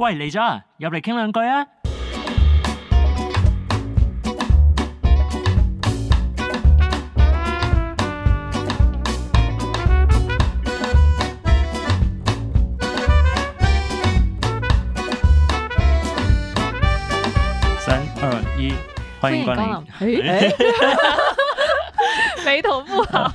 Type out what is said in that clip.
喂，嚟咗啊，入嚟傾兩句啊！三二一，歡迎光臨！哎，眉頭不好。